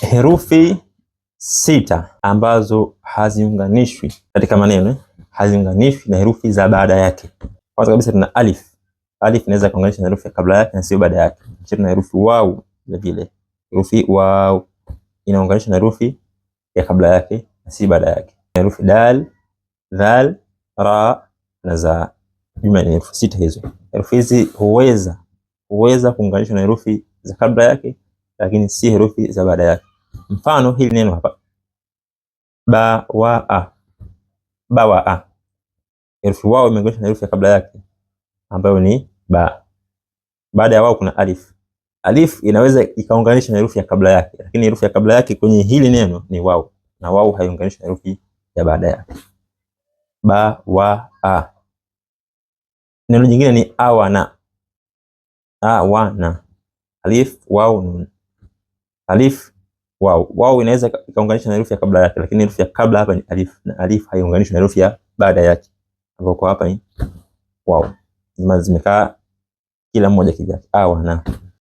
herufi sita ambazo haziunganishwi katika maneno, haziunganishwi na herufi za baada yake. Kwanza kabisa tuna alif. Alif inaweza kuunganishwa na herufi ya kabla yake na sio baada yake. Kisha tuna herufi wau, vile vile herufi wau inaunganishwa na herufi ya kabla yake na si baada yake. Herufi dal, dhal, ra na za. Jumla ni herufi sita hizo. Herufi hizi huweza huweza kuunganishwa na herufi za kabla yake, lakini si herufi za baada yake. Mfano hili neno hapa bawaa, bawaa, herufi wao imeunganishwa na herufi ya kabla yake ambayo ni ba. Baada ya wao kuna alif. Alif inaweza ikaunganishwa na herufi ya kabla yake, lakini herufi ya kabla yake kwenye hili neno ni wao, na wao haiunganishwi na herufi ya baada yake. Ba wa a. Neno jingine ni awana, awana, alif wao nun, alif wao. Wao inaweza ikaunganisha na herufi ya kabla yake, lakini herufi ya kabla hapa ni alif na alif haiunganishwi na herufi ya baada yake, ambapo kwa hapa ni wao. Zimekaa kila mmoja kivyake awa na